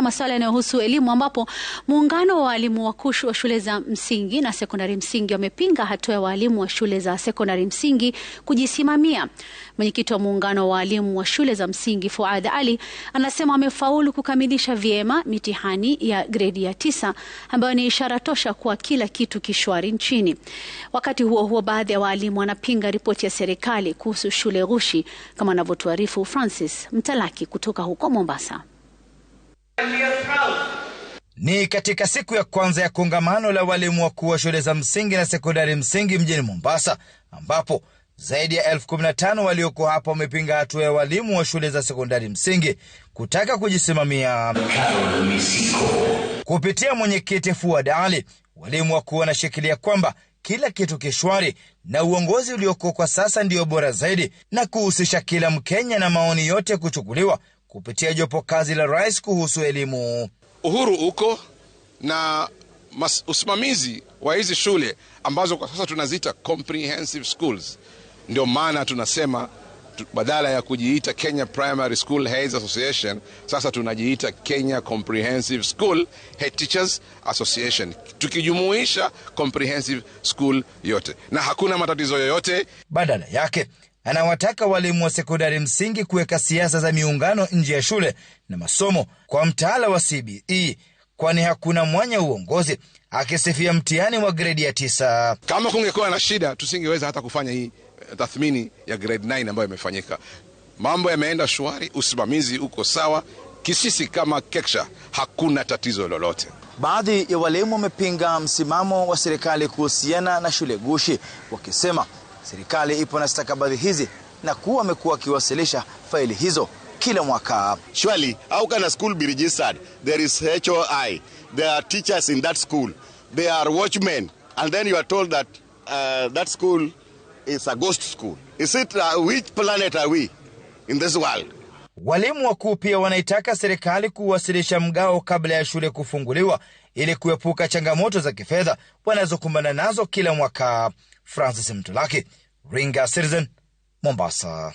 kuangalia masuala yanayohusu elimu ambapo muungano wa walimu wakuu wa shule za msingi na sekondari msingi wamepinga hatua ya walimu wa shule za sekondari msingi kujisimamia. Mwenyekiti wa muungano wa walimu wa shule za msingi Fuad Ali anasema wamefaulu kukamilisha vyema mitihani ya gredi ya tisa ambayo ni ishara tosha kuwa kila kitu kishwari nchini. Wakati huo huo, baadhi ya waalimu wanapinga ripoti ya serikali kuhusu shule ghushi, kama anavyotuarifu Francis Mtalaki kutoka huko Mombasa. Ni katika siku ya kwanza ya kongamano la walimu wakuu wa shule za msingi na sekondari msingi mjini Mombasa, ambapo zaidi ya elfu kumi na tano walioko hapa wamepinga hatua ya walimu wa shule za sekondari msingi kutaka kujisimamia. Kupitia mwenyekiti Fuad Ali, walimu wakuu wanashikilia kwamba kila kitu kishwari na uongozi ulioko kwa sasa ndio bora zaidi, na kuhusisha kila Mkenya na maoni yote kuchukuliwa kupitia jopo kazi la rais kuhusu elimu uhuru uko na mas, usimamizi wa hizi shule ambazo kwa sasa tunaziita comprehensive schools. Ndio maana tunasema badala ya kujiita Kenya Primary School Heads Association, sasa tunajiita Kenya Comprehensive School Head Teachers Association, tukijumuisha comprehensive school yote, na hakuna matatizo yoyote badala yake Anawataka walimu wa sekondari msingi kuweka siasa za miungano nje ya shule na masomo kwa mtaala wa CBE kwani hakuna mwanya uongozi, akisifia mtihani wa gredi ya tisa. Kama kungekuwa na shida, tusingeweza hata kufanya hii eh, tathmini ya grade 9 ambayo imefanyika. Mambo yameenda shwari, usimamizi uko sawa. Kisisi kama keksha hakuna tatizo lolote. Baadhi ya walimu wamepinga msimamo wa serikali kuhusiana na shule gushi wakisema Serikali ipo na stakabadhi hizi na kuwa amekuwa akiwasilisha faili hizo kila mwaka. Surely, how can a school be registered? There is HOI, there are teachers in that school, there are watchmen, and then you are told that uh, that school is a ghost school. Is it, uh, which planet are we in this world? Walimu wakuu pia wanaitaka serikali kuwasilisha mgao kabla ya shule kufunguliwa ili kuepuka changamoto za kifedha wanazokumbana nazo kila mwaka. Francis Mtulaki, Ringa Citizen, Mombasa.